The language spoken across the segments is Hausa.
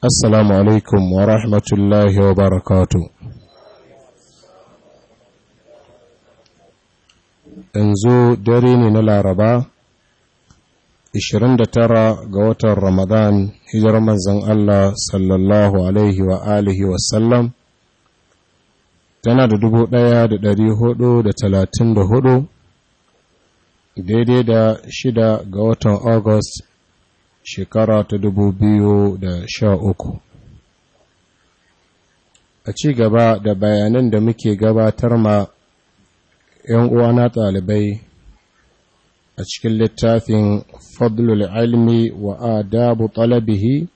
Assalamu alaikum wa rahmatullahi wa barakatu. Yanzu dare ne na Laraba, tara ga watan Ramadan, hijirar manzan Allah sallallahu Alaihi wa alihi wasallam, tana da talatin da 1434 daidai da shida ga watan August shekara ta dubu biyu da sha uku. a ci gaba da bayanan da muke gabatar ma 'yan uwana ɗalibai a cikin littafin fadlul ilmi wa adabu talabihi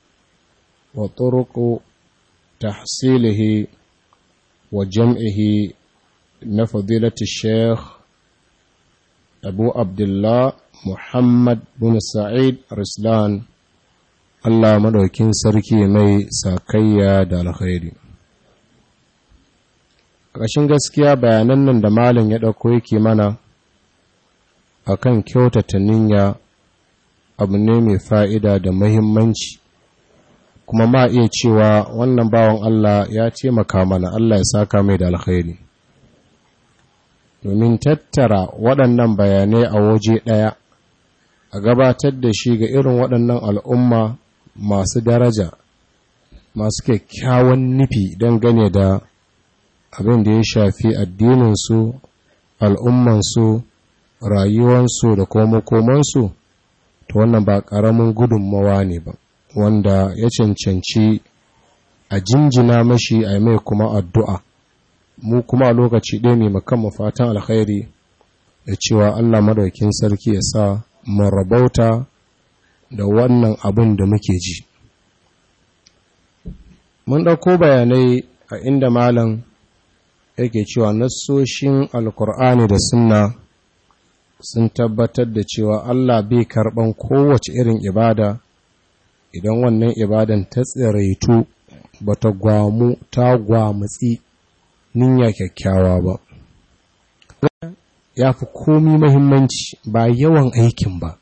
wa turuku tahsilihi wa jam'ihi na fadilati sheikh abu abdullah muhammad bin sa'id rislan Allah madaukin sarki mai sakayya da alkhairi ƙashin gaskiya bayanan nan da malin ya ɗauko yake mana a kan kyautata ninya abu ne mai fa'ida da mahimmanci kuma ma iya cewa wannan bawan Allah ya taimaka mana Allah ya saka mai da alkhairi domin tattara waɗannan bayanai a waje ɗaya a gabatar da shi ga irin waɗannan al'umma masu daraja masu kyakkyawan nufi don dangane da abin da ya shafi addininsu al'ummansu rayuwansu da kuma makomansu ta wannan ba ƙaramin gudunmawa ne ba wanda ya cancanci a jinjina mashi a mai kuma addu'a mu kuma a lokaci ɗaya mai makan fatan alkhairi da cewa Allah madaukin sarki ya sa marabauta da wannan abin da muke ji mun ɗauko bayanai a inda malam yake cewa nassoshin alkur'ani da sunna sun tabbatar da cewa Allah bai karɓan kowace irin ibada idan wannan ibadan ta tsiraitu ba ta gwamu ta gwamutsi ninya kyakkyawa ba ya fi komi mahimmanci ba yawan aikin ba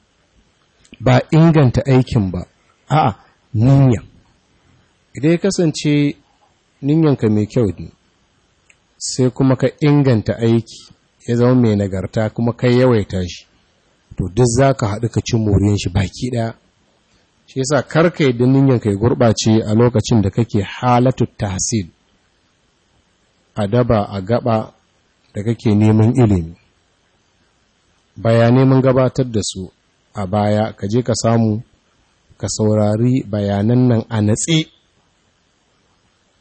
ba inganta aikin ba 'a ninya idan ya kasance ninyanka mai kyau ne sai kuma ka inganta aiki ya zama mai nagarta kuma ka yawaita shi to duk za ka haɗu ka ci moriyar shi baki ɗaya shi yasa karka yi ka ya gurɓace a lokacin da kake halatu tahsil a daba a gaba da kake neman ilimi bayanai mun gabatar da su a baya ka je ka samu ka saurari bayanan nan a natse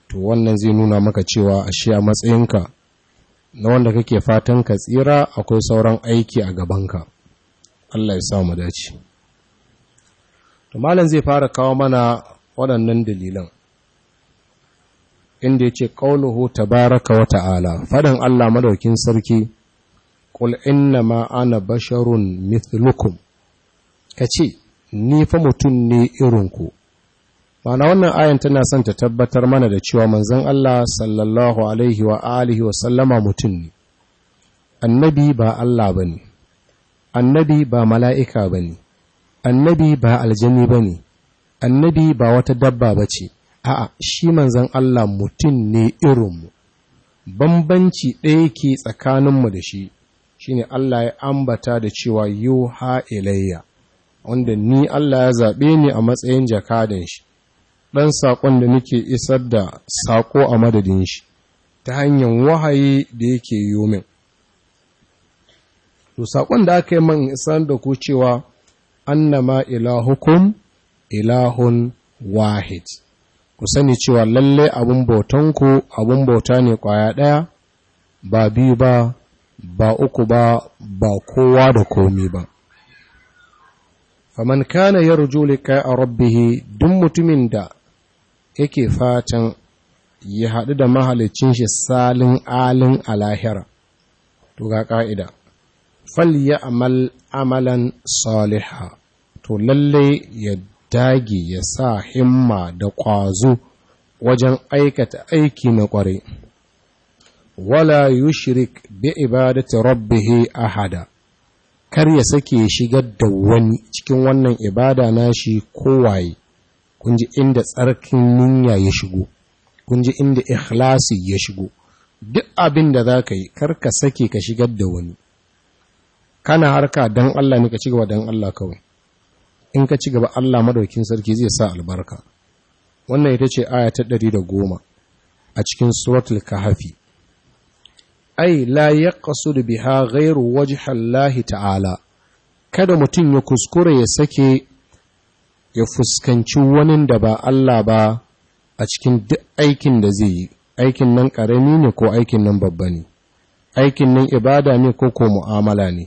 to wannan zai nuna maka cewa a shi a matsayinka na wanda kake fatan ka tsira akwai sauran aiki a gabanka Allah ya samu dace to malam zai fara kawo mana waɗannan dalilan inda yace qauluhu tabaraka wa ta'ala faɗin Allah madaukin sarki qul inna ma ana basharun mithlukum ka ce ni fa mutum ne irinku mana wannan ayan tana son ta tabbatar mana da cewa manzon Allah sallallahu alaihi wa alihi wa sallama mutum ne annabi ba Allah ba ne. annabi ba mala'ika ba ne. annabi ba aljani ne. annabi ba wata dabba ba ce. a'a shi manzon Allah mutum ne irinmu bambanci ɗaya ke tsakaninmu da shi shi ne Allah ya ambata da cewa yuha ha'ilayya. wanda ni Allah ya zaɓe ni a matsayin jakadan shi ɗan saƙon da nake isar da saƙo a madadin shi ta hanyar wahayi da yake yi min to saƙon da aka yi man isar da ku cewa annama ilahukum ilahun wahid ku sani cewa lalle abin bautanku abin bauta ne kwaya ɗaya ba biyu ba ba uku ba ba kowa da komi ba faman kana yarju a rabbihi duk mutumin da yake fatan ya haɗu da mahalicin shi salin alin a lahira to ga ƙa'ida fal ya amalan saliha to lalle ya dage ya sa himma da ƙwazo wajen aikata aiki na ƙware wala yushrik bi ibadati rabbihi ahada kar ya sake ya shigar da wani cikin wannan ibada na nashi kowaye kun ji inda tsarkin niyya ya shigo kun ji inda ikhlasi ya shigo duk abin da za ka yi kar ka sake ka shigar da wani kana harka don Allah ne ka ci gaba don Allah kawai in ka ci gaba Allah madaukin sarki zai sa albarka wannan ita ce aya ta 110 a cikin suratul kahfi ai la da biha ghairu wajhallahi ta'ala kada mutum ya kuskure ya sake ya fuskanci wani da ba Allah ba a cikin aikin da zai yi aikin nan ƙarami ne ko aikin nan babba ne aikin nan ibada ne ko ko mu'amala ne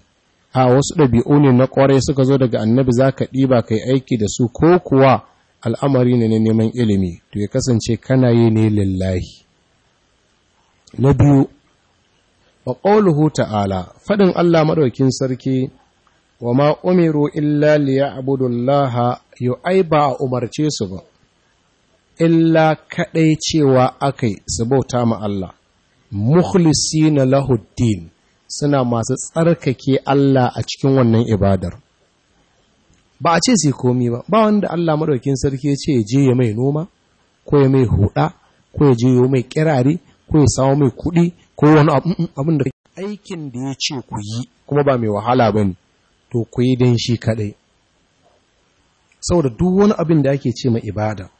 a wasu ɗabi'u ne na ƙwarai suka zo daga annabi za ka ɗiba ka yi aiki da su ko kuwa al'amari ne na neman ilimi to ya kasance kana yi ne lillahi na biyu wa ƙauluhu ta'ala faɗin Allah maɗaukin sarki wa ma umiru illa liya abudullaha yau ai ba a umarce su ba illa kaɗai cewa yi su bauta ma Allah mukhlisi na lahuddin suna masu tsarkake Allah a cikin wannan ibadar ba a ce su komi ba ba wanda Allah maɗaukin sarki ce je ya mai noma ko ya mai huɗa ko ya je ya mai kirari ko ya samu mai kuɗi ko wani mm, mm, abin da aikin da ya ce ku yi kuma ba mai wahala ba ne to ku yi don shi kaɗai saboda duk wani abin da ake ce mai ibada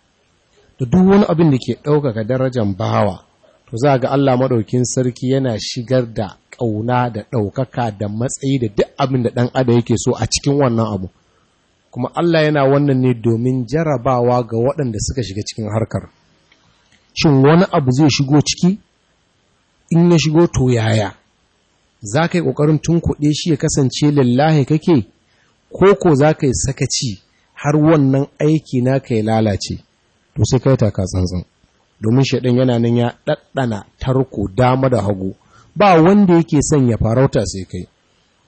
da duk wani abin da ke ɗaukaka darajar bawa to za ga Allah maɗaukin sarki yana shigar da ƙauna da ɗaukaka da matsayi da duk abin da ɗan ada yake so a cikin wannan abu kuma Allah yana wannan ne domin jarabawa ga waɗanda suka shiga cikin harkar shin wani abu zai shigo ciki in na shigo to yaya za ka yi ƙoƙarin tunkuɗe shi ya kasance lallahi kake ko ko za ka yi sakaci har wannan aiki na ka lalace to sai kai taka tsantsan domin shaɗin yana nan ya ɗaɗɗana tarko dama da hagu ba wanda yake son ya farauta sai kai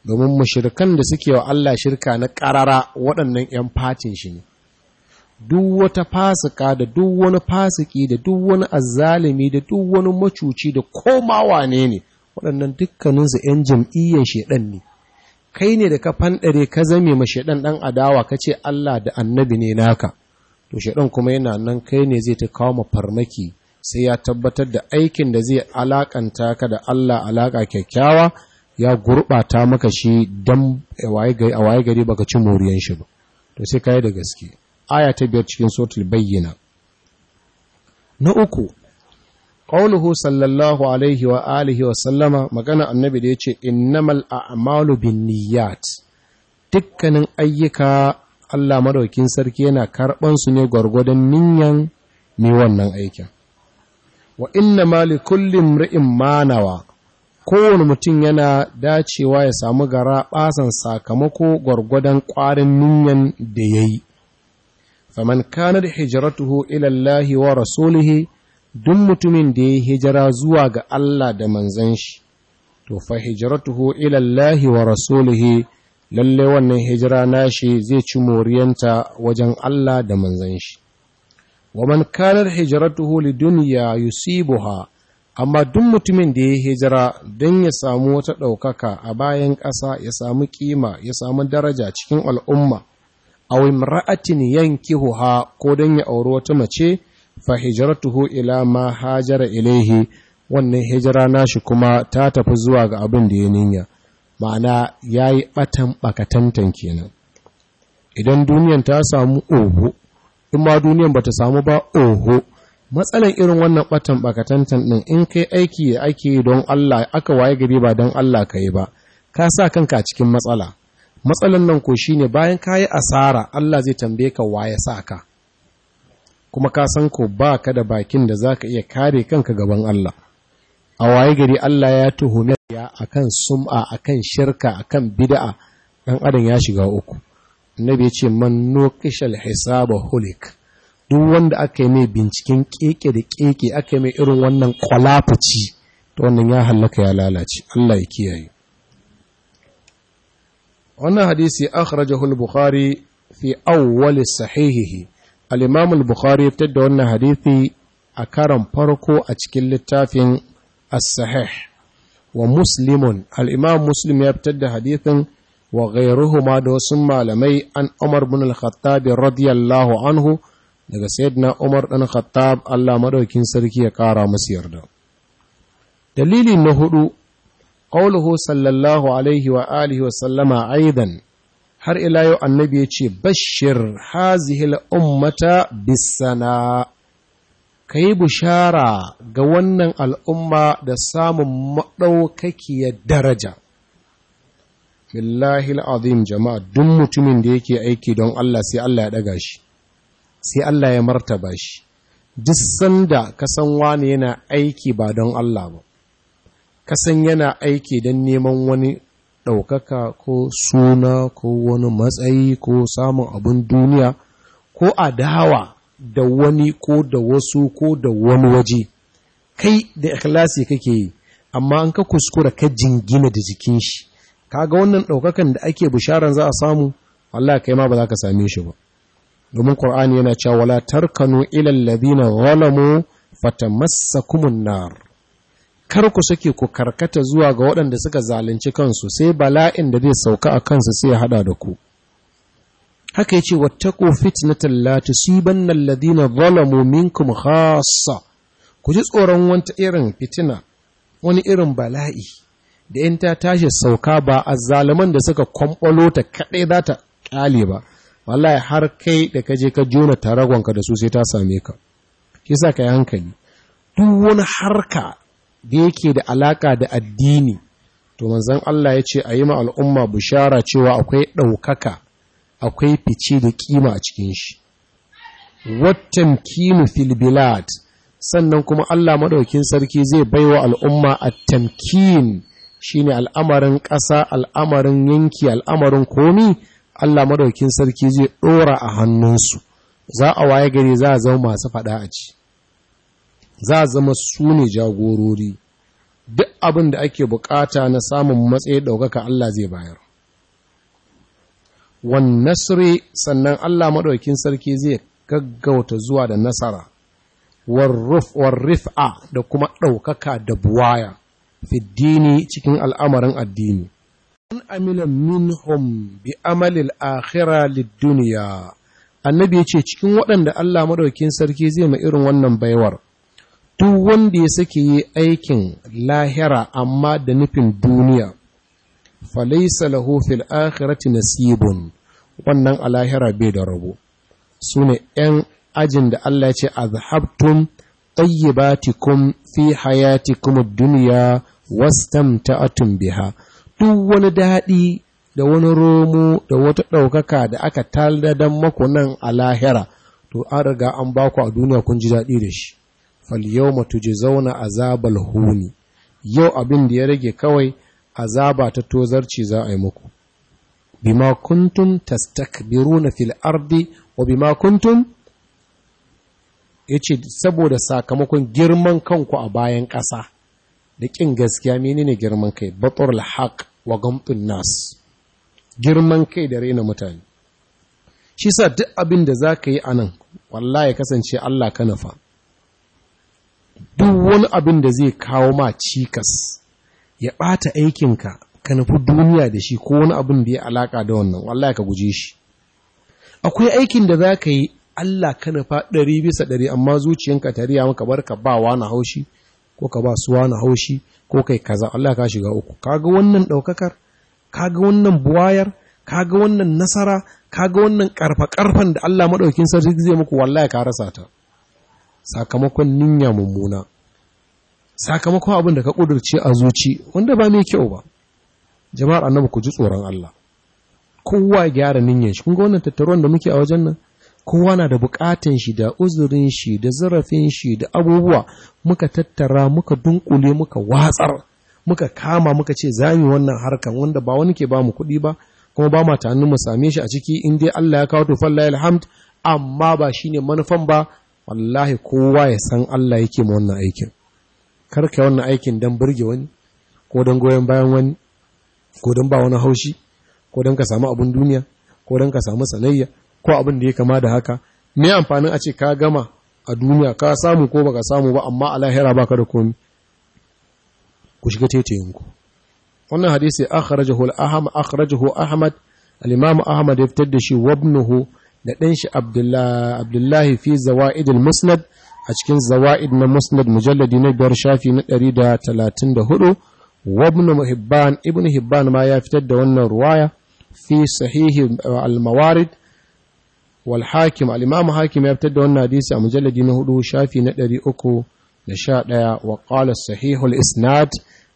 domin mashirkan da suke wa Allah shirka na ƙarara waɗannan ‘yan fatin shi ne duk wata fasika da duk wani fasiki da duk wani azzalimi da duk wani macuci da komawa ne ne waɗannan dukkaninsu 'yan jam'iyyar shaɗan ne kai ne da ka fanɗare ka zame ma shaɗan ɗan adawa ka ce Allah da annabi ne naka to shaɗan kuma yana nan kai ne zai ta kawo farmaki sai ya tabbatar da aikin da zai alaƙanta ka da Allah alaka kyakkyawa ya gurɓata maka shi don a waye gari baka ci moriyan shi ba to sai ka yi da gaske aya ta biyar cikin sotul bayyana na uku ƙaunuhu sallallahu alaihi wa alihi wa sallama magana annabi da yace innamal a'malu niyat, dukkanin ayyuka Allah madaukin sarki yana karɓan su ne gwargwadon niyan mai wannan aikin wa inna ma ri'in manawa kowane mutum yana dacewa ya samu gara basan sakamako gwargwadon ƙwarin niyyan da ya yi. faman kanat hijratuhu ila Allah wa rasulihi duk mutumin da ya hijira zuwa ga Allah da manzon shi to fa hijratuhu ila Allah wa rasulihi lalle wannan hijira nashi zai ci moriyanta wajen Allah da manzon shi waman kanar hijratuhu lidunya yusibuha amma duk mutumin da ya hijira don ya samu wata ɗaukaka a bayan ƙasa ya samu ƙima ya samu daraja cikin al'umma aw imra'atin yankihuha ko don ya auri wata mace fa hijratuhu ila ma hajara ilaihi wannan hijira nashi kuma ta tafi zuwa ga abin da ya ninya ma'ana yayi batan bakatantan kenan idan duniyan ta samu oho in ma duniyan bata samu ba oho matsalan irin wannan batan bakatantan din in kai aiki ake don Allah aka waye gari ba don Allah kai ba ka sa kanka a cikin matsala matsalan nan ko shine bayan ka yi asara Allah zai tambaye ka waye sa ka kuma ka san ko ba ka da bakin da za ka iya kare kanka gaban Allah a waye gari Allah ya tuhume ya akan sum'a akan shirka akan bida'a ɗan adam ya shiga uku annabi ya ce man nuqishal hisaba Holik. duk wanda aka yi mai binciken keke da keke aka yi mai irin wannan kwalafaci ta wannan ya hallaka ya lalace Allah ya kiyaye wannan hadisi akhrajahu al-bukhari fi awwal sahihihi al-imam al-bukhari ya da wannan hadisi a karan farko a cikin littafin as-sahih wa muslimun al-imam muslim ya fitar da hadisin wa ghayruhuma da wasu malamai an umar bin al-khattab radiyallahu anhu daga sayyidina umar dan khattab Allah madaukin sarki ya kara masa yarda dalili na hudu qawluhu sallallahu alaihi wa alihi wa sallama aidan har ila yau annabi ya ce bashir hazihil ummata bisana ka yi bushara ga wannan al'umma da samun maɗaukakiyar daraja billahi azim jama'a duk mutumin da yake aiki don Allah sai Allah ya ɗaga shi sai Allah ya martaba shi duk sanda ka san wani yana aiki ba don Allah ba kasan yana aiki don neman wani ɗaukaka ko suna ko wani matsayi ko samun abin duniya ko adawa da wani ko da wasu ko da wani waje kai da ikilasi kake yi amma an ka kuskura ka jingina da jikin shi kaga wannan ɗaukakan da ake bisharan za a samu Allah kai ma ba za ka same shi ba domin Qur'ani yana cewa wala tarkanu ilal ladina zalamu fatamassakumun nar kar ku sake ku karkata zuwa ga waɗanda suka zalunci kansu sai bala'in da zai sauka a kansu sai ya haɗa da ku haka yace wattaqu fitnatan la tusibanna alladhina zalamu minkum khassa ku ji tsoron wata irin fitina wani irin bala'i da in ta tashi sauka ba a zaluman da suka kwamɓalo ta kaɗai za ta ƙyale ba wallahi har kai da ka je ka jona taragonka da su sai ta same ka kisa ka yi hankali duk wani harka da yake da alaka da addini to manzon Allah ya ce a yi ma al'umma bishara cewa akwai ɗaukaka akwai fice da kima a cikin shi wattan kinu fil bilad sannan kuma Allah maɗaukin sarki zai bai wa al'umma at-tamkin shine al'amarin ƙasa al'amarin yanki al'amarin komi Allah maɗaukin sarki zai ɗora a hannunsu za a waye gari za a zama masu faɗa a ci za a zama su ne jagorori duk abin da ake bukata na samun matsayi ɗaukaka Allah zai bayar wan nasri sannan Allah maɗaukin sarki zai gaggauta zuwa da nasara war rif'a da kuma ɗaukaka da buwaya fiddini cikin al'amarin addini an amila minhum bi amalil akhira lid duniya, annabi ce cikin waɗanda Allah maɗaukin sarki zai ma irin wannan baiwar duk wanda ya sake yi aikin lahira amma da nufin duniya falaisa lahu fil akhirati nasibun wannan a lahira bai da rabo su ne 'yan ajin da Allah ce a azhabtum kun fi duniya wastam ta atun biha duk wani daɗi da wani romo da wata ɗaukaka da aka taldadan maku nan a lahira to an riga an baku a duniya kun ji daɗi da shi zauna a azabal huni yau abin da ya rage kawai azaba ta tozarci za a yi muku bima kuntum tastakbiruna fil ardi wa bima kuntum yace saboda sakamakon girman kanku a bayan ƙasa da ƙin gaskiya menene girman kai batul haq wa gamtun nas girman kai da raina mutane shi sa duk abin da za ka yi a nan wallahi kasance Allah ka nafa duk wani abin da zai kawo ma cikas ya ɓata aikinka ka nufi duniya da shi ko wani abin da ya alaka da wannan ya ka guje shi akwai aikin da za ka yi Allah ka nufa ɗari bisa ɗari amma zuciyanka ta riya maka bar ka ba wani haushi ko ka ba su wani haushi ko kai kaza Allah ka shiga uku kaga wannan ɗaukakar kaga wannan buwayar kaga wannan nasara kaga wannan karfa karfan da Allah maɗaukin sarki zai muku wallahi ka rasa ta sakamakon ninya mummuna sakamakon abin da ka kudurce a zuci wanda ba mai kyau ba jama'ar annabi ku ji tsoron Allah kowa gyara niyyar shi kun ga wannan tattaruwan da muke a wajen nan kowa na da bukatun shi da uzurin shi da zarafin shi da abubuwa muka tattara muka dunkule muka watsar muka kama muka ce zami wannan harkan wanda ba wani ke ba mu kuɗi ba kuma ba ma tunanin mu same shi a ciki in dai Allah ya kawo to fallahi alhamd amma ba shine manufan ba wallahi kowa ya san Allah yake ma wannan aikin karka wannan aikin don burge wani ko don goyon bayan wani ko don ba wani haushi ko don ka samu abun duniya ko don ka samu sanayya ko abin da ya kama da haka me amfanin a ce ka gama a duniya ka samu ko baka samu ba amma a lahira baka da komi ku shiga tetayinku wannan hadisi akhrajahu al-ahmad akhrajahu ahmad al-imam ahmad ya fitar da shi wabnuhu da ɗan shi abdullahi fi zawa'id musnad a cikin zawa'id na musnad mujalladi na biyar shafi na 134 wa ibn hibban ibn hibban ma ya fitar da wannan ruwaya fi sahihi al-mawarid wal hakim al-imam hakim ya fitar da wannan hadisi a mujalladi na 4 shafi na 311 wa qala sahihul isnad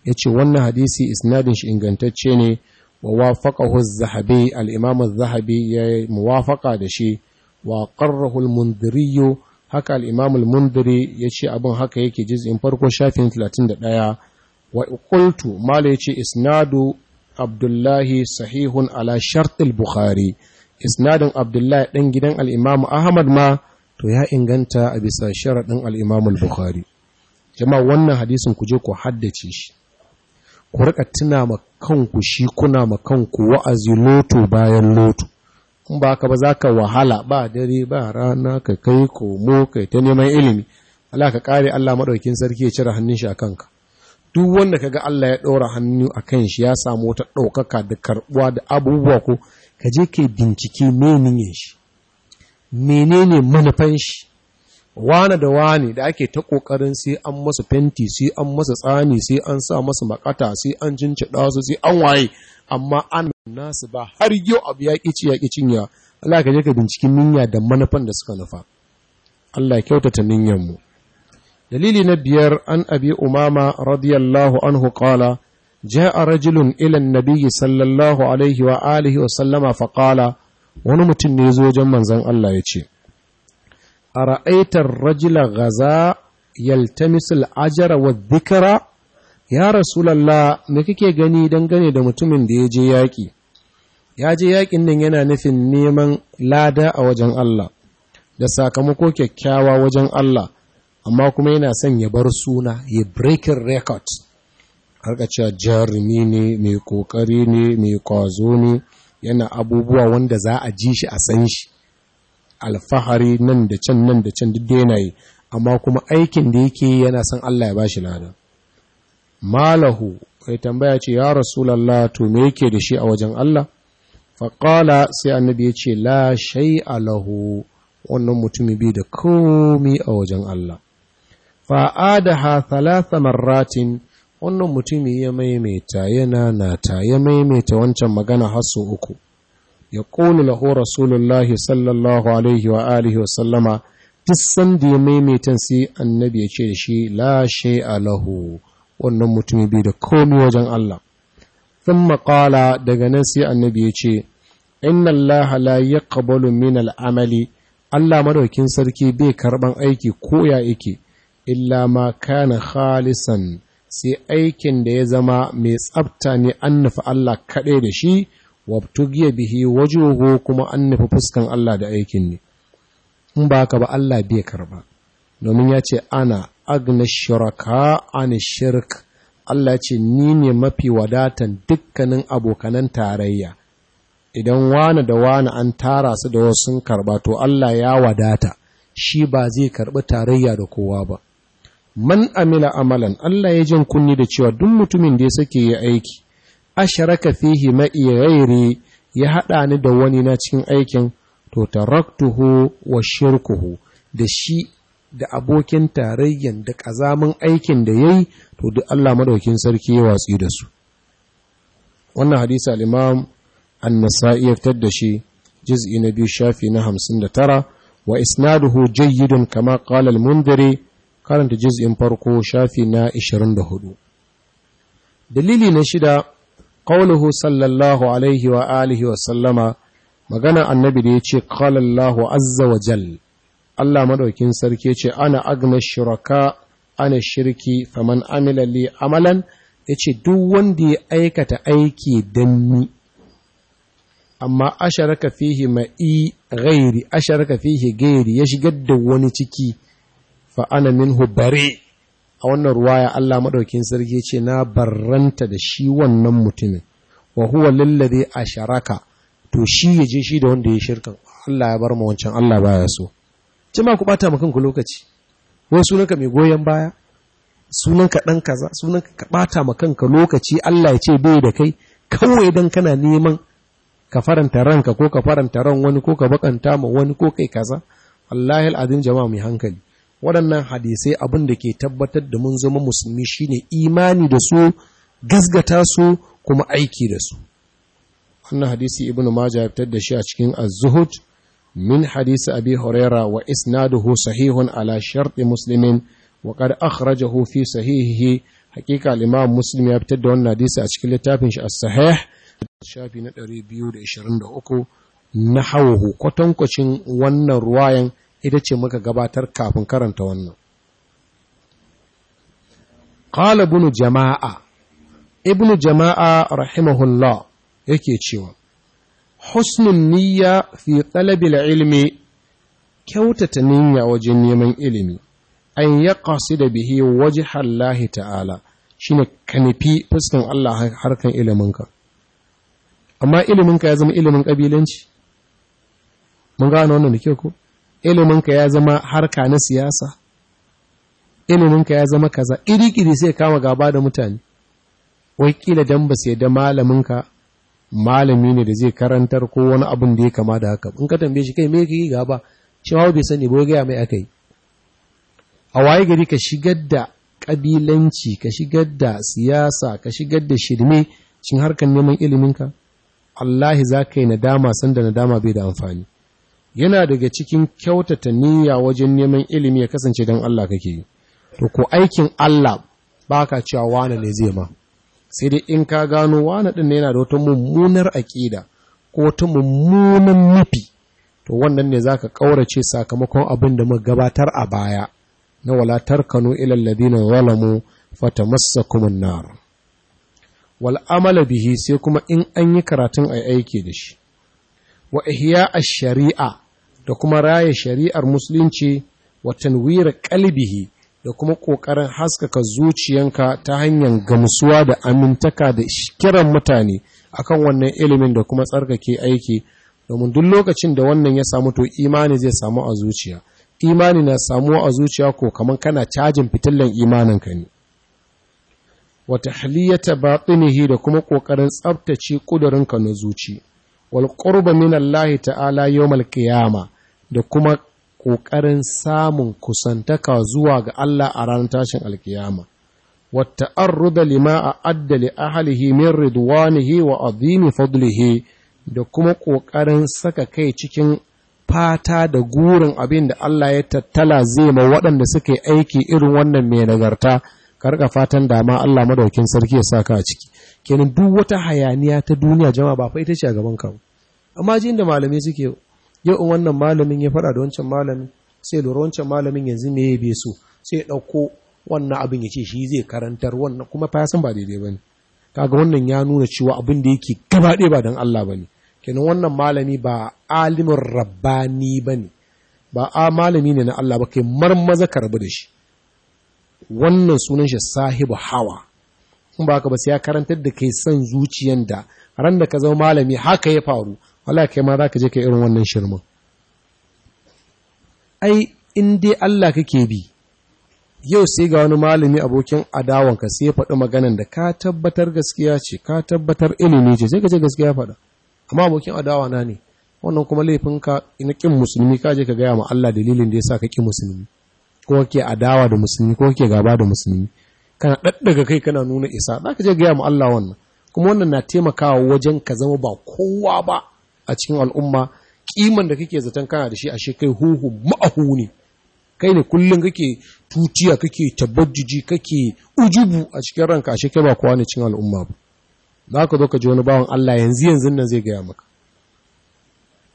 yace wannan hadisi isnadin shi ingantacce ne wa wafaqahu zahabi al zahabi ya muwafaqa da shi wa Rahul al haka al-imam al-mundhiri yace abin haka yake in farko shafin da ɗaya. qultu mala yace isnadu abdullahi sahihun ala shart al-bukhari isnadin abdullahi ɗan gidan al ahmad ma to ya inganta a bisa sharaɗin al-imam bukhari jama'a wannan hadisin ku je ku haddace shi ku rika tuna ma kanku shi kuna ma kanku wa'azi loto bayan loto in ba ka ba za ka wahala ba dare ba rana ka kai komo kai ta neman ilimi Allah ka kare Allah maɗaukin sarki ya cire hannun shi a kanka duk wanda ka ga Allah ya ɗora hannu a kan shi ya samu wata ɗaukaka da karɓuwa da abubuwa ko ka je ka bincike menene shi menene manufan shi wane da wane da ake ta kokarin sai an masa fenti sai an masa tsani sai an sa masa makata sai an jinciɗa su sai an waye amma an nasu ba har yau abu ya ƙi ya ƙi cinya Allah ka je ka binciki niyya da manufan da suka nufa Allah kyautata niyyar mu dalili na biyar an abi umama radiyallahu anhu qala alaihi رجل wa النبي صلى الله عليه وآله وسلم فقال zo wajen من Allah ya ce. a ra'aitar rajila gaza yaltamisul ajara wa dhikra ya rasulallah me kake gani dangane da mutumin da ya je yaƙi ya je yaƙin nan yana nufin neman lada a wajen Allah da sakamako kyakkyawa wajen Allah amma kuma yana son ya bar suna ya breaking record harka cewa jarumi ne mai kokari ne mai kwazo ne yana abubuwa wanda za a ji shi a san shi alfahari nan da can nan da can duk yana yi amma kuma aikin da yake yana son Allah ya bashi lada malahu kai tambaya ce ya rasulullah to me yake da shi a wajen Allah faƙala sai annabi ya ce la shai alahu wannan mutumi bi da komi a wajen Allah fa'adaha thalatha marratin wannan mutumi ya maimaita yana ta ya maimaita wancan magana har uku ya ƙone laho rasulullahi sallallahu alaihi wa alihi wasallama duk sanda ya maimaitan sai annabi ya ce da shi la a lahu wannan mutumi bai da komi wajen Allah thumma maƙala daga nan sai annabi ya ce inna Allah la kabalu min al'amali Allah madaukin sarki bai karban aiki ko ya ike, illa ma kana khalisan sai aikin da ya zama mai tsabta ne an nufi Allah kaɗai da shi wabtugiya bihi wajuhu kuma an nufi fuskan Allah da aikin ne in ba ka ba Allah bai karba domin ya ce ana agna shiraka an shirk Allah ce ni ne mafi wadatan dukkanin abokanan tarayya idan wani da wani an tara su da wasu sun karba to Allah ya wadata shi ba zai karbi tarayya da kowa ba man amila amalan Allah ya jin kunni da cewa duk mutumin da ya sake yi aiki ashraka fihi ma'i ghairi ya hada ni da wani na cikin aikin to taraktuhu wa shirkuhu da shi da abokin tarayyan da kazamin aikin da yayi to duk Allah madaukin sarki ya watsi da su wannan hadisi al-Imam An-Nasa'i ya fitar da shi juz'i na biyu shafi na 59 wa isnaduhu jayyidun kama qala al-Mundhiri karanta juz'in farko shafi na 24 dalili na shida qawluhu sallallahu alaihi wa alihi wa sallama magana annabi da yace qala Allahu wa jal Allah madaukin sarki yace ana agna shuraka ana shirki faman amila li amalan yace duk wanda ya aikata aiki dan ni amma asharaka fihi ma'i ghairi asharaka fihi ghairi ya shigar da wani ciki fa ana minhu bari a wannan ruwaya Allah maɗaukin sarki ce na barranta da shi wannan mutumin wa huwa a asharaka to shi ya je shi da wanda ya shirkan Allah ya bar mu wancan Allah baya so ce ma ku bata mu ku lokaci wai sunanka mai goyen baya sunanka dan kaza sunanka ka bata ma kanka lokaci Allah ya ce bai da kai kawai dan kana neman ka faranta ranka ko ka faranta ran wani ko ka bakanta ma wani ko kai kaza wallahi alazim jama'a mai hankali waɗannan hadisai abin da ke tabbatar da mun zama musulmi shine imani da su gasgata su kuma aiki da su wannan hadisi ibnu majah ya fitar da shi a cikin az-zuhud min hadisi abi huraira wa isnaduhu sahihun ala sharti muslimin wa qad akhrajahu fi sahihihi hakika al-imam muslim ya fitar da wannan hadisi a cikin littafin shi as-sahih shafi na 223 nahawuhu kwatankwacin wannan ruwayan ita ce muka gabatar kafin karanta wannan Ƙala ibn jama'a ibn jama'a rahimahullah yake cewa husnun niyya fi talabil ilmi kyautata niyya wajen neman ilimi an ya da bihi waje hallahi ta'ala shi ne ka nufi fuskan Allah harkan iliminka amma iliminka ya zama ilimin ƙabilanci mun gano wannan da kyau ko iliminka ya zama harka na siyasa iliminka ya zama kaza irikiri sai kama gaba da mutane wai kila dan ba sai da malaminka malami ne da zai karantar ko wani abin da ya kama da haka in ka tambaye shi kai me yake gaba cewa bai sani ba ya mai aka yi a waye gari ka shigar da kabilanci ka shigar da siyasa ka shigar da shirme cin harkan neman iliminka Allah za ka yi nadama sanda nadama bai da amfani yana daga cikin kyautata niyya wajen neman ilimi ya kasance don Allah kake yi to ko aikin Allah baka cewa wane ne zai ma sai dai in ka gano wane din ne yana da wata mummunar aƙida ko wata mummunan nufi to wannan ne zaka ƙaurace sakamakon abin da muka gabatar a baya na wala tarkanu ila alladhina zalamu fatamassakum an-nar wal amala bihi sai kuma in an yi karatun ai aiki da shi wa ihya ash-shari'a da kuma raya shari'ar musulunci wa tanwira qalbihi da kuma kokarin haskaka zuciyanka ta hanyar gamsuwa da amintaka da kiran mutane akan wannan ilimin da kuma tsarkake aiki domin duk lokacin da wannan ya samu to imani zai samu a zuciya imani na samu a zuciya ko kamar kana cajin fitillan imaninka ne wa tahliyata batinihi da kuma kokarin tsabtace kudurinka na zuci Walƙurba qurba min Allah ta'ala yawmal qiyama da kuma ƙoƙarin samun kusantaka zuwa ga Allah a ranar tashin alkiyama wata arruda lima a addali ahalihi min ridwanihi wa azimi fadlihi da kuma ƙoƙarin saka kai cikin fata da gurin abin da Allah ya tattala zai ma waɗanda suke aiki irin wannan mai nagarta karka fatan dama Allah madaukin sarki ya saka a ciki kenan duk wata hayaniya ta duniya jama'a ba fa ita ce a gaban ka amma jin da malami suke yau wannan malamin ya fada da wancan malamin sai lura wancan malamin yanzu me ya bi so sai dauko wannan abin ya ce shi zai karantar wannan kuma fa san ba daidai bane kaga wannan ya nuna cewa abin da yake gaba ɗaya ba dan Allah bane kenan wannan malami ba alimin rabbani bane ba a malami ne na Allah ba kai marmaza karbu da shi wannan sunan shi sahibu hawa in ba ka ba sai ya karantar da kai son zuciyan da ran da ka zama malami haka ya faru wala kai ma za ka je ka irin wannan shirmin ai in dai Allah kake bi yau sai ga wani malami abokin ka sai ya faɗi maganan da ka tabbatar gaskiya ce ka tabbatar ilimi ce sai ka ce gaskiya faɗa amma abokin adawa na ne wannan kuma laifin ka na ƙin musulmi ka je ka gaya ma Allah dalilin da ya ka ƙin musulmi ko ke adawa da musulmi ko ke gaba da musulmi kana daddaga kai kana nuna isa Za ka je gaya mu Allah wannan kuma wannan na taimakawa wajen ka zama ba kowa ba a cikin al'umma kiman da kake zaton kana da shi a kai huhu ma'ahu ne kai ne kullum kake tutiya kake tabajjuji kake ujubu a cikin ranka ashe kai ba kowa ne cikin al'umma ba za ka zo ka ji wani bawan Allah yanzu yanzu nan zai gaya maka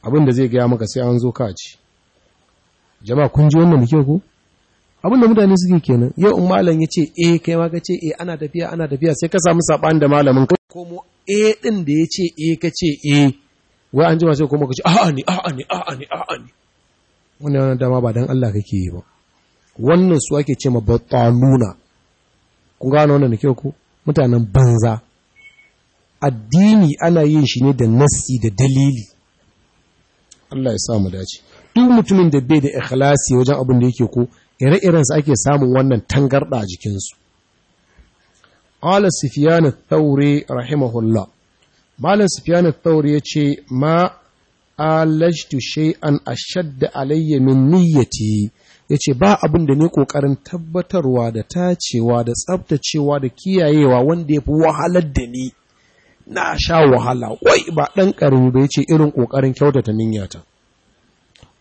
abin da zai gaya maka sai an zo ka ci jama'a kun ji wannan muke ku abin da mutane suke kenan yau in malam ya ce eh kai ma ka ce eh ana tafiya ana tafiya sai ka samu saɓan da malamin ka komo eh ɗin da ya ce eh ka ce eh wai an jima sai kuma ka ce a'a ne a'a ne a'a ne a'a ne wannan wannan dama ba dan Allah kake yi ba wannan su ake ce ma batanuna kun ga wannan da kyau ko mutanen banza addini ana yin shi ne da nassi da dalili Allah ya sa mu dace duk mutumin da bai da ikhlasi wajen abin da yake ko ire-irensu ake samun wannan tangarɗa a jikinsu ƙwala sufiyanu thauri rahimahullah malam sufiyanu Taure ya ce ma an shay'an ashadda alayya min niyyati ce ba abin da ne ƙoƙarin tabbatarwa da tacewa da tsaftacewa da kiyayewa wanda ya fi wahalar da ni na sha wahala wai ba ɗan ƙarin ba yace irin ƙoƙarin kyautata niyyata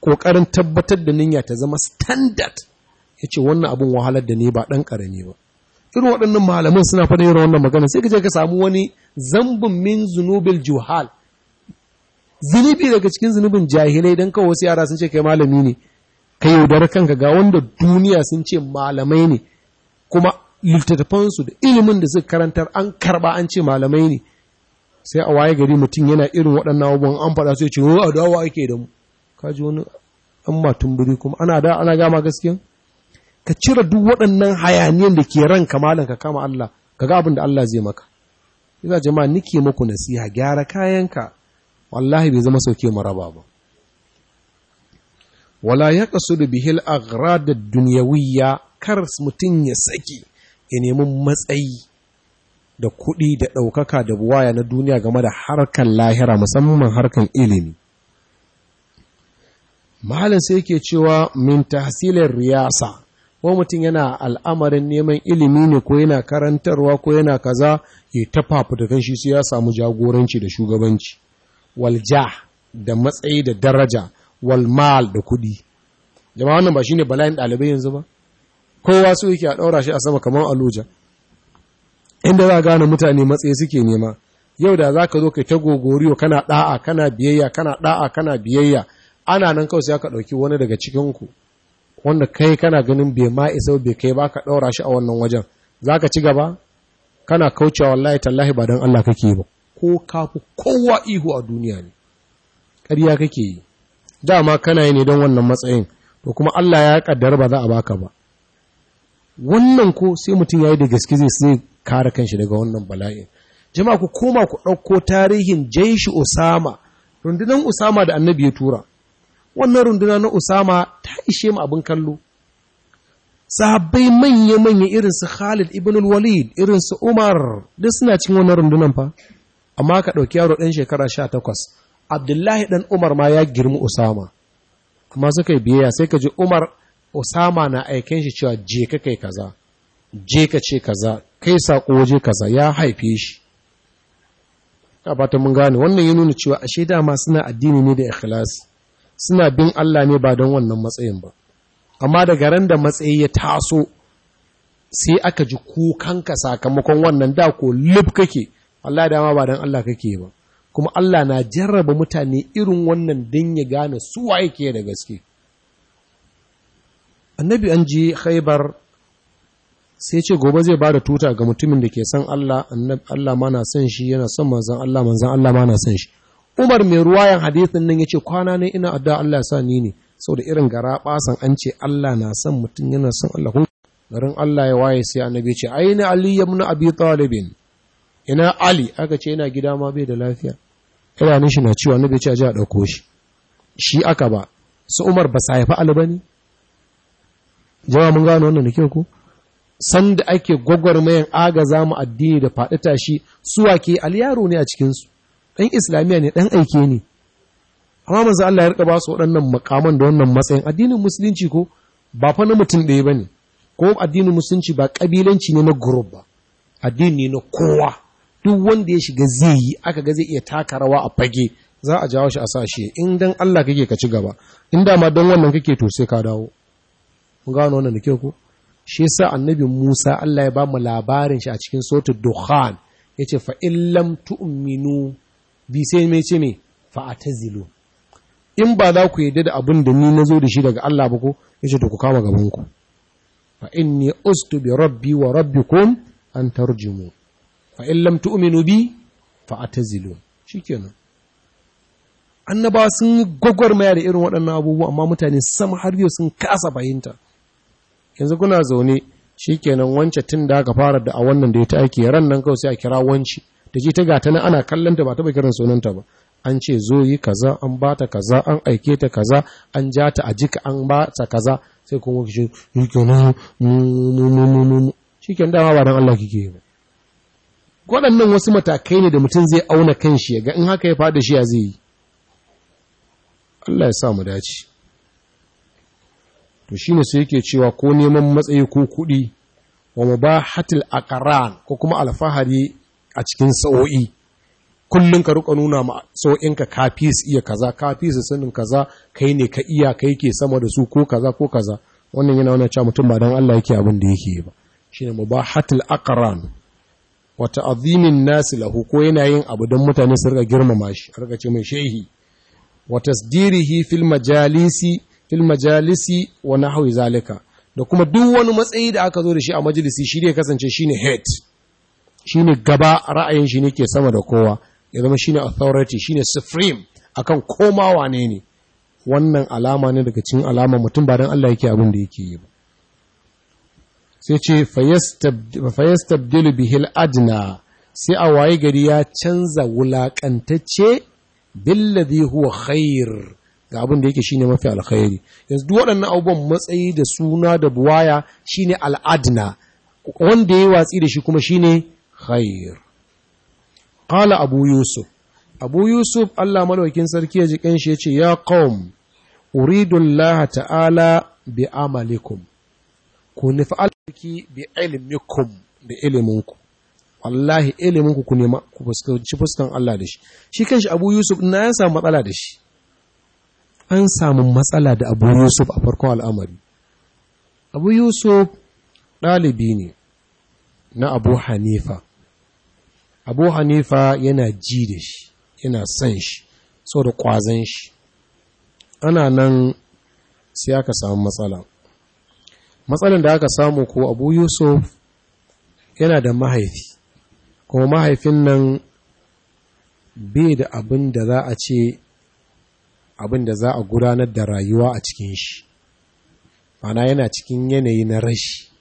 ƙoƙarin tabbatar da niyyata zama standard ya ce wannan abin wahalar da ne ba ɗan ƙarami ba irin waɗannan malaman suna faɗin irin wannan magana sai ka ka samu wani zambin min zunubil juhal zunubi daga cikin zunubin jahilai don kawai wasu yara sun ce kai malami ne ka yaudar kanka ga wanda duniya sun ce malamai ne kuma littattafansu da ilimin da suka karantar an karba an ce malamai ne sai a waye gari mutum yana irin waɗannan abubuwan an faɗa sai ce a oh, adawa ake da mu ka ji wani an matun kuma ana da ana gama gaskiya ka cire duk waɗannan hayaniyan da ke ran kamalin ka kama Allah ka ga abin da Allah zai maka Iza jama'a nike muku nasiha gyara kayanka wallahi bai zama sauke maraba ba wala da bihil aghrad ad-dunyawiyya kar mutum ya saki ya nemi matsayi da kuɗi da ɗaukaka da waya na duniya game da harkar lahira musamman harkar ilimi mahalin sai yake cewa min tahsilin riyasa ko mutum yana al'amarin neman ilimi ne ko yana karantarwa ko yana kaza ya fafi da kanshi sai ya samu jagoranci da shugabanci walja da matsayi da daraja walmal da kuɗi jama'a wannan ba shine bala'in ɗalibai yanzu ba kowa su yake a ɗaura shi a sama kamar aloja inda za gane mutane matsayi suke nema yau da za ka zo kai ta gogoriyo kana da'a kana biyayya kana da'a kana biyayya ana nan kawai sai aka ɗauki wani daga cikin ku wanda kai kana ganin bai ma isa bai kai ba ka ɗaura shi a wannan wajen za ka ci gaba kana kaucewa wallahi tallahi ba don Allah kake ba ko kafu kowa ihu a duniya ne ƙarya kake yi dama kana yi ne don wannan matsayin to kuma Allah ya kaddara ba za a baka ba wannan ko sai mutum ya yi da gaske zai sai kare kanshi daga wannan bala'in jama'a ku koma ku ɗauko tarihin jaishi Usama rundunar Usama da Annabi ya tura wannan runduna na Usama ta ishe mu abin kallo sahabbai manya-manya irin su Khalid ibn al-Walid irin su Umar duk suna cikin wannan rundunan fa amma ka ɗauki yaro ɗan shekara sha takwas Abdullahi ɗan Umar ma ya girmi Usama amma suka yi biyayya sai ka ji Umar Usama na aiken shi cewa je ka kai kaza je ka ce kaza kai saƙo waje kaza ya haife shi ka mun gane wannan ya nuna cewa ashe dama suna addini ne da ikhlasi suna bin Allah ne ba don wannan matsayin ba amma daga ran da matsayi ya taso sai aka ji kukanka sakamakon wannan da ko lub kake Allah dama ba don Allah kake ba kuma Allah na jarraba mutane irin wannan don ya gane suwa yake da gaske annabi an ji haibar sai ce gobe zai ba da tuta ga mutumin da ke son Allah Allah ma na son shi yana son manzan Allah manzan Allah ma na son shi Umar mai ruwayan hadithin nan yace kwana ne ina addu'a Allah ya sa ni ne saboda irin gara basan an ce Allah na son mutum yana son Allah garin Allah ya waye sai annabi ya ce aina Ali ibn Abi Talib ina Ali aka ce yana gida ma bai da lafiya ina shi na cewa annabi ya ce a ji a dauko shi shi aka ba su Umar ba sa haifa Ali bane jama'a mun gano wannan da ko san da ake gwagwarmayan agaza mu addini da faɗi tashi suwa ke Ali yaro ne a cikin su ɗan islamiyya ne ɗan aike ne amma manzo Allah ya rika ba su waɗannan makaman da wannan matsayin addinin musulunci ko ba fa na mutum ɗaya ba ne? ko addinin musulunci ba ƙabilanci ne na gurub ba addini ne na kowa duk wanda ya shiga zai yi aka ga zai iya taka rawa a fage za a jawo shi a sashe in dan Allah kake ka ci gaba in da ma don wannan kake to sai ka dawo mun ga wannan da kyau ko shi yasa annabi Musa Allah ya ba mu labarin shi a cikin suratul Dukhan yace fa illam tu'minu bi sai mai ce me fa'atazilu in ba za ku yadda da abin da ni zo da shi daga Allah ba ko yace to ku kama gaban ku fa inni ustu bi rabbi wa rabbikum an tarjumu fa in lam tu'minu bi fa'atazilu shikenan annabawa sun yi gwagwarmaya da irin waɗannan abubuwa amma mutane sama har yau sun kasa fahimta yanzu kuna zaune shi shikenan wance tun da aka fara da a wannan da ya ta ake ran nan kawai sai a kira wanci da ji ta gata nan ana kallon ta ba ta kiran sunanta ba an ce zo yi kaza an ba ta kaza an aike ta kaza an ja ta a jika an ba ta kaza sai kuma ki ce yi shi dama ba don Allah kike yi ba waɗannan wasu matakai ne da mutum zai auna kan shi ga in haka ya fada shi ya zai yi Allah ya sa mu dace to shine sai yake cewa ko neman matsayi ko kuɗi wa mubahatil aqran ko kuma alfahari a cikin sa'o'i kullum ka ruka nuna ma sa'o'inka kafi su iya kaza kafi su sanin kaza kai ne ka iya kai ke sama da su ko kaza ko kaza wannan yana wani cewa mutum ba dan Allah yake abin da yake ba shine mubahatul aqran wa ta'zimin nas lahu ko yana yin abu dan mutane su rika girmama shi rika ce mai shehi wa tasdirihi fil majalisi fil majalisi wa zalika da kuma duk wani matsayi da aka zo da shi a majalisi shi ne kasance shine head Shi ne gaba ra'ayin shi ne ke sama da kowa ya zama ne authority shi ne supreme a kan komawa ne ne. wannan alama ne daga cikin alama mutum ba don Allah yake abin da yake yi ba sai ce fayastabdilu bihil adna sai a waye gari ya canza wulakantacce billadhi huwa khair ga abin da yake shine mafi alkhairi yanzu duk waɗannan abubuwan matsayi da suna da buwaya shine al'adna wanda ya watsi da shi kuma shine khair qala abu yusuf abu yusuf Allah madaukin sarki ya jikin shi yace ya qaum uridu Allah ta'ala bi amalikum ku nufi alki bi ilmikum da iliminku wallahi iliminku ku nema ku fuskanci fuskan Allah da shi shi shi Abu Yusuf na ya samu matsala da shi an samu matsala da Abu Yusuf a farkon al'amari Abu Yusuf ɗalibi ne na Abu Hanifa abu hanifa yana ji da shi yana san shi so da ƙwazon shi ana nan sai aka samu matsala matsalan da aka samu ko abu yusuf yana da mahaifi kuma mahaifin nan bai da abin da za a ce abin da za a gudanar da rayuwa a cikin shi mana yana cikin yanayi na rashi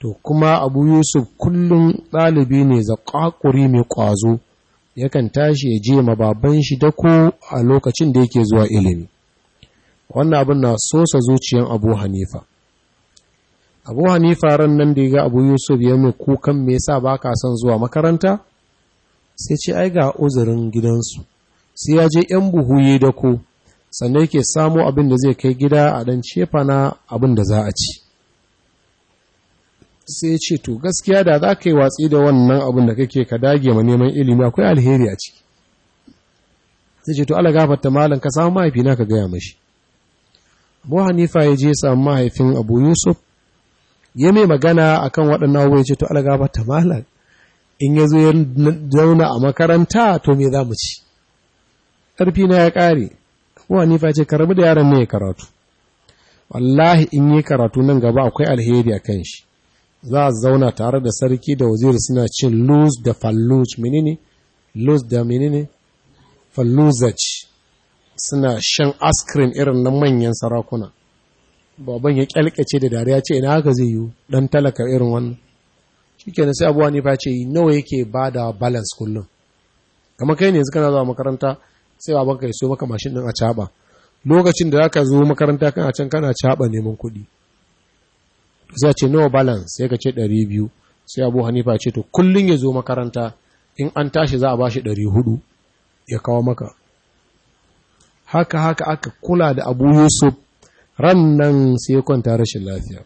to kuma abu yusuf kullum ɗalibi ne zaƙaƙuri mai ƙwazo yakan tashi ya je ma baban shi dako a lokacin da yake zuwa ilimi wannan abin na sosa zuciyan abu hanifa abu hanifa ran nan da ya ga abu yusuf ya mai kukan me yasa ba ka son zuwa makaranta sai ce ai ga uzurin gidansu sai ya je yan buhu ya dako sannan yake samo abin da zai kai gida a dan cefana abin da za a ci sai ce to gaskiya da za ka yi watsi da wannan abin da kake ka dage ma neman ilimi akwai alheri a ciki sai ce to ala gafarta malam ka samu mahaifina ka gaya mashi abu hanifa ya je samu mahaifin abu yusuf ya mai magana a kan waɗannan abubuwa ya ce to ala gafarta malam in ya zo ya zauna a makaranta to me za mu ci ƙarfi na ya ƙare abu hanifa ce ka rabu da yaron ne ya karatu wallahi in yi karatu nan gaba akwai alheri a kan shi za a zauna tare da sarki da waziri suna cin luz da falluj menene luz da menene falluzaj suna shan askirin irin na manyan sarakuna baban ya kyalkace da dariya ce ina haka zai yi dan talaka irin wannan shikenan sai abuwa ne fa ce nawa yake da balance kullum kamar kai ne yanzu kana zuwa makaranta sai baban ka so maka mashin din a caba lokacin da zaka zo makaranta kana can kana caba neman kuɗi sai ce nawa balance sai ka ce 200 sai abu hanifa ce to kullum ya zo makaranta in an tashi za a ba shi 400 ya kawo maka haka haka aka kula da abu yusuf ran nan sai ya kwanta rashin lafiya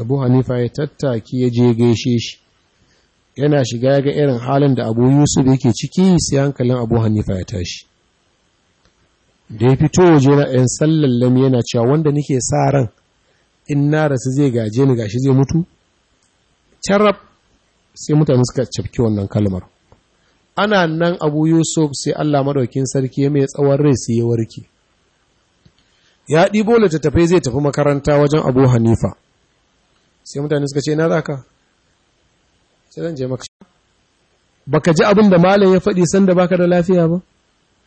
abu hanifa ya tattaki ya je gaishe shi yana shiga ga irin halin da abu yusuf yake ciki sai hankalin abu hanifa ya tashi da ya fito waje na ‘yan sallallami yana cewa wanda nake sa ran in na rasu zai gaje ni gashi zai mutu carab sai mutane suka cafke wannan kalmar ana nan abu yusuf sai allah madaukin sarki ya mai tsawon rai sai ya warke ya ɗibo littattafai zai tafi makaranta wajen abu hanifa sai mutane suka ce na za ka sai zan je maka baka ji abin da malam ya faɗi sanda baka da lafiya ba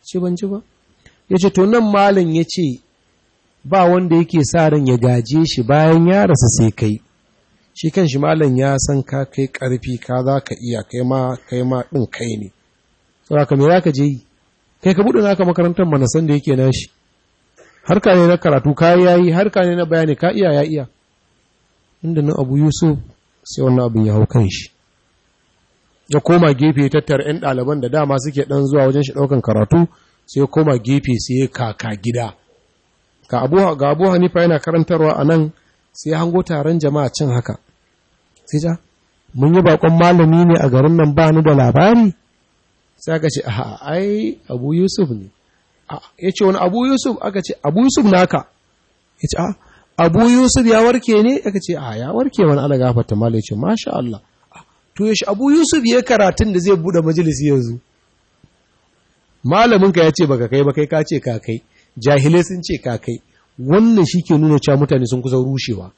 ce ban ji ba ya ce to nan malam ya ce ba wanda yake sa ran ya gaje shi bayan ya rasa sai kai shi kan shi malam ya san ka kai karfi ka za ka iya kai ma kai ma ɗin kai ne saboda me za ka je kai ka buɗe naka makarantar mana san da yake nashi harka ne na karatu ka yayi harka ne na bayani ka iya ya iya inda nan abu yusuf sai wannan abin ya hau kan shi ya koma gefe tattara 'yan ɗaliban da dama suke ɗan zuwa wajen shi ɗaukan karatu sai koma gefe sai kaka gida ga abu ga abu hanifa yana karantarwa a nan sai hango taron jama'a cin haka sai ja mun yi bakon malami ne a garin nan ba ni da labari sai aka ce a ai abu yusuf ne ya ce wani abu yusuf aka ce abu yusuf naka ya ce a abu yusuf ya warke ne aka ce a ya warke wani ana gafarta malai ce masha Allah to ya shi abu yusuf ya karatun da zai bude majalisi yanzu malaminka ya ce baka kai ba kai ka ce ka kai jahilai sun ce kakai wannan shi ke nuna cewa mutane sun kusa rushewa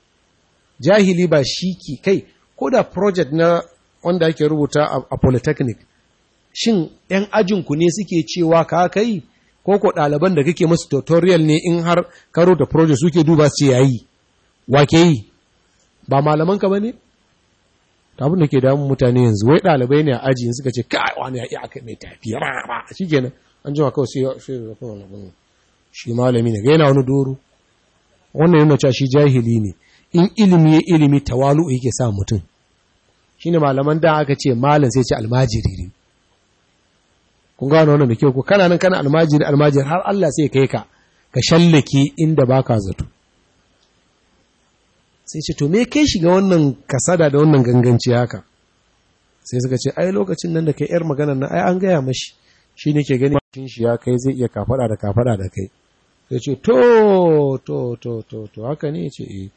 jahili ba shi ke kai ko da project na wanda ake rubuta a polytechnic shin 'yan ajinku ne suke cewa kakai ko ko ɗaliban da kake masu tutorial ne in har karo da project suke duba su ce yayi wa ke yi ba malamanka ba ne abin da ke damun mutane yanzu wai ɗalibai ne a aji suka ce kai wani ya iya aka mai tafiya ba shi kenan an jima kawai sai ya fi shi malami ne ga yana wani doro wannan yana cewa shi jahili ne in ilimi ya ilimi tawalu yake sa mutum shine malaman da aka ce malam sai ce almajiri ne kun gano wannan da kyau ko kana nan kana almajiri almajiri har Allah sai kai ka ka shallake inda baka zato sai ce to me kai shi ga wannan kasada da wannan ganganci haka sai suka ce ai lokacin nan da kai yar magana nan ai an gaya mashi shi ne ke gani cikin shi ya kai zai iya kafada da kafada da kai sai ce to to to to to haka ne ce eh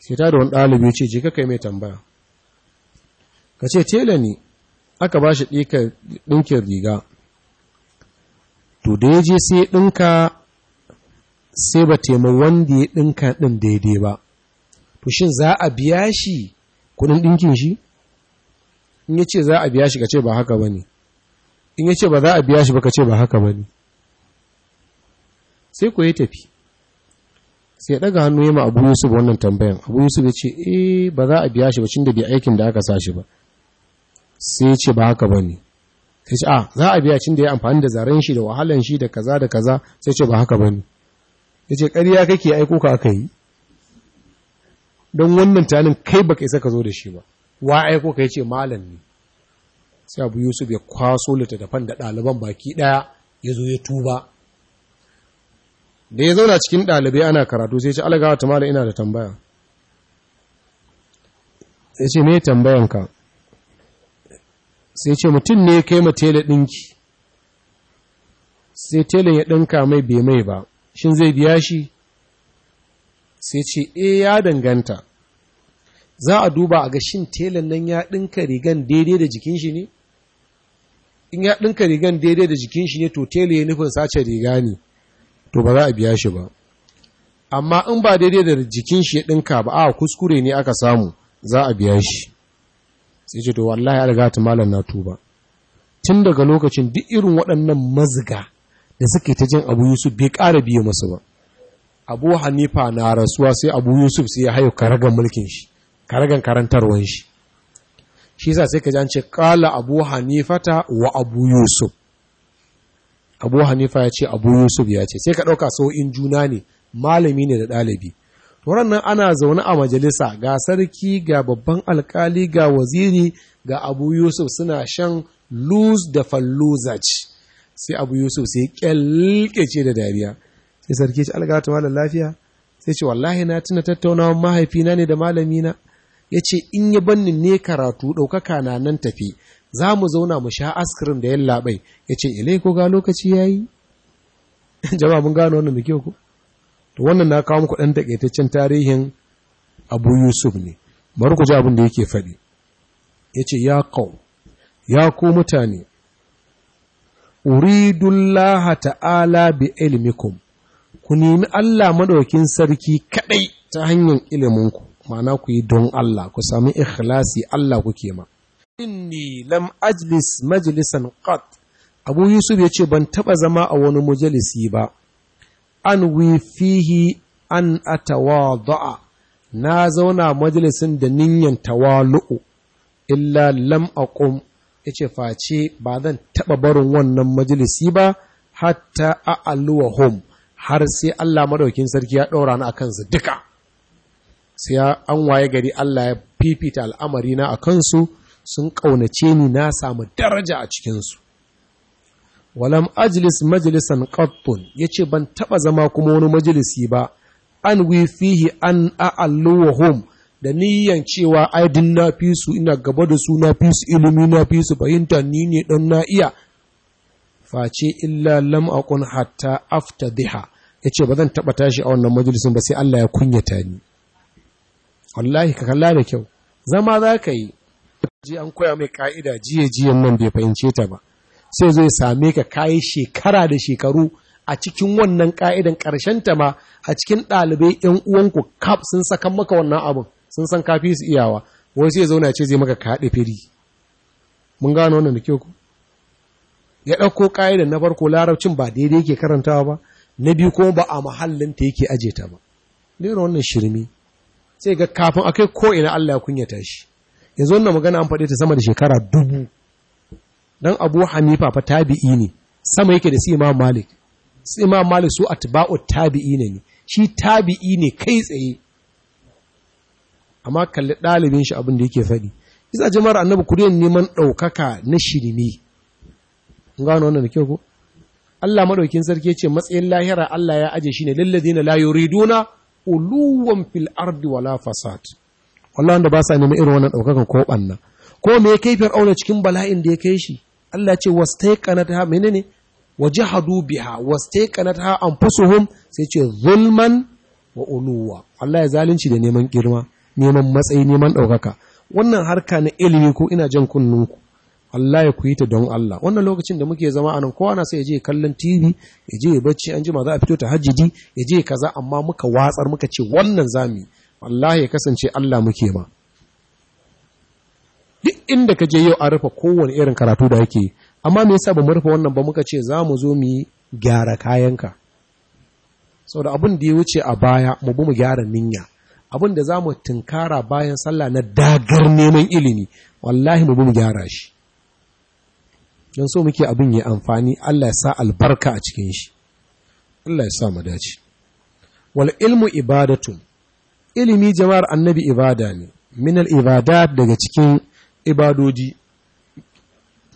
sai ta da wani ɗalibi ce je ka kai mai tambaya ka ce tela ne aka ba shi ɗinkin riga to da ya je sai ɗinka sai ba tema wanda ya ɗinka ɗin daidai ba to shin za a biya shi kuɗin ɗinkin shi in yace za a biya shi ka ce ba haka bane in ya ce ba za a biya shi ba ka ce ba haka ba ne sai ku yi tafi sai daga hannu ya ma abu yusuf wannan tambayan abu yusuf ya ce eh ba za a biya shi ba cin da bai aikin da aka sa shi ba sai ya ce ba haka ba ne sai ce a za a biya cin da ya amfani da zaren shi da wahalan shi da kaza da kaza sai ce ba haka ba ne ya ce ƙarya kake aiko ka aka yi don wannan tanin kai baka isa ka zo da shi ba wa aiko ka ya ce malam ne sai abu yusuf ya kwaso littattafan da ɗaliban baki ɗaya ya zo ya tuba da ya zauna cikin ɗalibai ana karatu sai ce alagawa ta mala ina da tambaya ya ce me tambayanka sai ce mutum ne kai ma tela ɗinki sai tela ya ɗinka mai bai mai ba shin zai biya shi sai ce e ya danganta za a duba a ga shin telen nan ya ɗinka rigan daidai da jikin shi ne in ya ɗinka rigan daidai da jikin shi ne to tele ya nufin sace riga ne to ba za a biya shi ba amma in ba daidai da jikin shi ya ɗinka ba a kuskure ne aka samu za a biya shi sai ce to wallahi ya riga ta malam na tuba tun daga lokacin duk irin waɗannan mazga da suke ta jin abu yusuf bai ƙara biye masu ba abu hanifa na rasuwa sai abu yusuf sai ya haihu karagan mulkin shi karagan karantarwan shi shi sa sai ka ji ce abu hanifata wa abu yusuf abu hanifa ya ce abu yusuf ya ce sai ka ɗauka sau'in juna ne malami ne da ɗalibi nan ana zaune a majalisa ga sarki ga babban alkali ga waziri ga abu yusuf suna shan luz da falluzaj sai abu yusuf sai ce da dariya sai sarki ce algata da lafiya sai ce wallahi na tuna tattaunawa mahaifina ne da malamina ya ce in yi bannin ne karatu ɗaukaka na nan tafi za mu zauna mu sha askirin da yalla labai ya ce ile ko ga lokaci ya yi jama'a mun gano wannan da kyau ko wannan na kawo muku ɗan taƙaitaccen tarihin abu yusuf ne bari ku ji abin da yake faɗi ya ce ya kau ya ku mutane uridullaha ta'ala bi ilmikum ku nemi Allah maɗaukin sarki kaɗai ta hanyar iliminku ma'ana ku yi don Allah ku sami ikhlasi Allah kuke ma inni lam ajlis majlisan qat Abu Yusuf ya ce ban taba zama a wani majalisi ba an wi fihi an atawadha na zauna majalisin da ninyan tawalu'u illa lam aqum ce face ba zan taba barin wannan majalisi ba hatta a'alluwa home har sai Allah maɗaukin sarki ya ɗaura ni a su duka sai an waye gari Allah ya fifita al'amari na a kansu sun ƙaunace ni na samu daraja a cikinsu walam ajlis majlisan qattun yace ban taɓa zama kuma wani majalisi ba an wi fihi an a'alluhum da niyyan cewa ai na fi su ina gaba da su na fi su ilimi na fi su fahimta ni ne don na iya face illa lam akun hatta Ya yace ba zan taba tashi a wannan majalisin ba sai Allah ya kunyata ni wallahi ka kalla da kyau zama za ka yi ji an koya mai ka'ida jiye jiyan nan bai fahimce ta ba sai zai same ka kayi shekara da shekaru a cikin wannan ka'idan ƙarshen ta ma a cikin ɗalibai ƴan uwanku kaf sun saka maka wannan abin sun san kafi su iyawa wani sai zauna ce zai maka kaɗe firi mun gano wannan da kyau ku ya ɗauko ka'idan na farko larabcin ba daidai yake karantawa ba na biyu kuma ba a mahallin ta yake aje ta ba. Lera wannan shirme. sai ga kafin akai ko ina Allah ya kunyata shi yanzu wannan magana an faɗe ta sama da shekara dubu dan Abu Hanifa fa tabi'i ne sama yake da su Imam Malik su Imam Malik su atba'u tabi'i ne shi tabi'i ne kai tsaye amma kalli ɗalibin shi abin da yake faɗi isa jama'ar annabi ku neman ɗaukaka na shirme, kun gano wannan da kyau ko Allah madaukin sarki ya ce matsayin lahira Allah ya aje shi ne na la yuriduna uluwan fil ardi wala fasad wallahi wanda ba sa neman irin wannan daukakan ko banna ko me kai fir'auna cikin bala'in da ya kai shi Allah ce wastaiqanatha menene wajhadu biha wastaiqanatha anfusuhum sai ce zulman wa uluwa Allah ya zalunci da neman girma neman matsayi neman daukaka wannan harka na ilimi ko ina jan kunnunku Allah ya kuyi ta don Allah wannan lokacin da muke zama anan kowa na sai ya je kallon TV ya je ya bacci an jima za a fito ta ya je kaza amma muka watsar muka ce wannan zami wallahi ya kasance Allah muke ma duk inda ka je yau a rufe kowanne irin karatu da yake amma me yasa ba mu rufe wannan ba muka ce za mu zo mu yi gyara kayanka saboda abin da ya wuce a baya mu bi mu gyara ninya abin da za mu tunkara bayan sallah na dagar neman ilimi wallahi mu bi mu gyara shi don so muke abin ya amfani Allah ya sa albarka a cikin shi Allah ya sa mu dace wal ilmu ibadatun ilimi jama'ar annabi ibada ne min al ibadat daga cikin ibadoji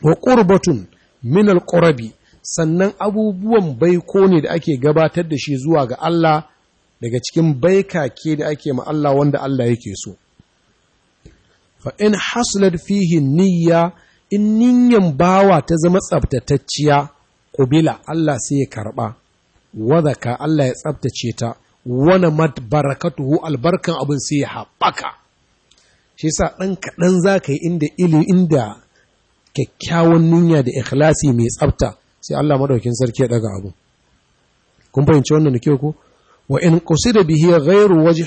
wa qurbatun min al qurabi sannan abubuwan baiko ne da ake gabatar da shi zuwa ga Allah daga cikin baikake da ake ma Allah wanda Allah yake so fa in haslat fihi niyya in niyan bawa ta zama tsabtatacciya kubila Allah sai ya karɓa wadaka Allah ya tsabtace ta wani mat barakatuhu albarkan abin sai ya haɓaka shi sa ɗan kaɗan za ka yi inda ili inda kyakkyawan niyya da ikhlasi mai tsabta sai Allah madaukin sarki ya ɗaga abu kun fahimci wannan da kyau ku? wa in qusida bihi gairu wajhi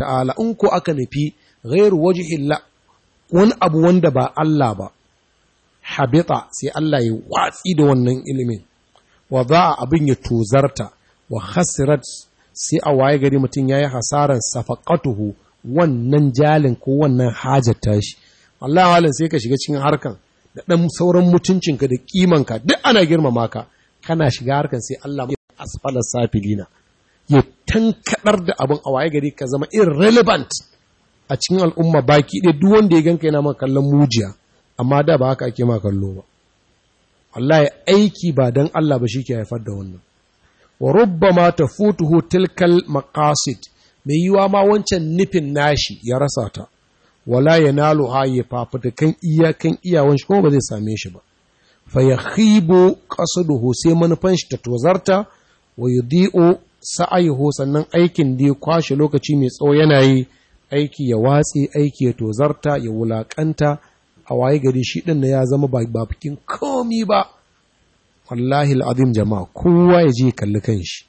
ta'ala in ku aka nufi gairu wajhi hila, wani abu wanda ba Allah ba habita sai Allah ya watsi da wannan ilimin wa za abin ya tozarta wa hasirat sai a waye gari mutum ya yi hasaran safaƙatuhu wannan jalin ko wannan hajar tashi wallahi halin sai ka shiga cikin harkan da ɗan sauran mutuncinka da ƙimanka duk ana girmama ka kana shiga harkan sai Allah ya asfala safilina ya tankaɗar da abin a waye gari ka zama irrelevant a cikin al'umma baki ɗaya duk wanda ya ganka yana maka kallon mujiya amma da ba haka ake ma kallo ba wallahi aiki ba dan Allah ba shi ke haifar da wannan wa rubbama tafutuhu tilkal maqasid mai yiwa ma wancan nufin nashi ya rasa ta wala yanalu ha ya fafutukan kan iyawan shi kuma ba zai same shi ba fa yakhibu qasduhu sai manufan shi ta tozarta wa yudi'u sa'ayhu sannan aikin da ya kwashe lokaci mai tsawo yana yi aiki ya watsi aiki ya tozarta ya wulakanta a waye gari shi ɗin ya zama ba ba bakin komi ba wallahi al'azim jama'a kowa ya je kalli kan shi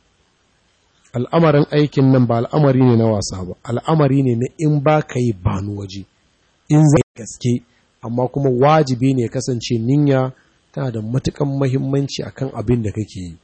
al'amarin aikin nan ba al'amari ne na wasa ba al'amari ne na in ba ka yi banu waje in zai gaske amma kuma wajibi ne kasance ninya tana da matukan mahimmanci akan abin da kake yi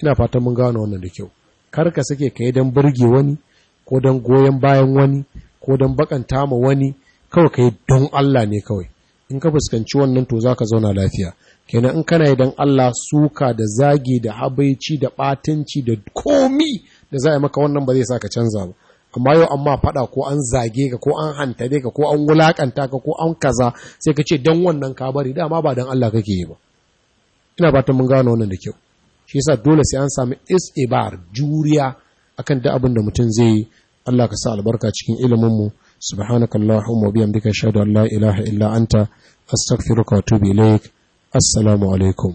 ina fatan mun gano wannan da kyau kar ka sake ka yi don burge wani ko don goyon bayan wani ko don bakanta ma wani kawai ka yi don Allah ne kawai in ka fuskanci wannan to za ka zauna lafiya kenan in kana idan Allah suka da zagi da habaici da batanci da komi da za a maka wannan ba zai sa ka canza ba amma yau amma fada ko an zage ka ko an hantare ka ko an wulakanta ka ko an kaza sai ka ce dan wannan ka bari dama ba dan Allah kake yi ba ina fatan mun gano wannan da kyau shi yasa dole sai an samu isibar juriya akan da abin da mutum zai yi Allah ka sa albarka cikin ilimin mu subhanakallahumma wa bihamdika ashhadu an la ilaha ila anta astaghfiruka wa atubu ilaik assalamu alaikum